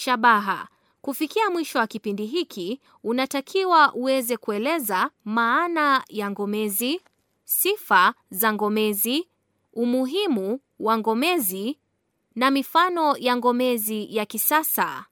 Shabaha: kufikia mwisho wa kipindi hiki, unatakiwa uweze kueleza maana ya ngomezi, sifa za ngomezi, umuhimu wa ngomezi na mifano ya ngomezi ya kisasa.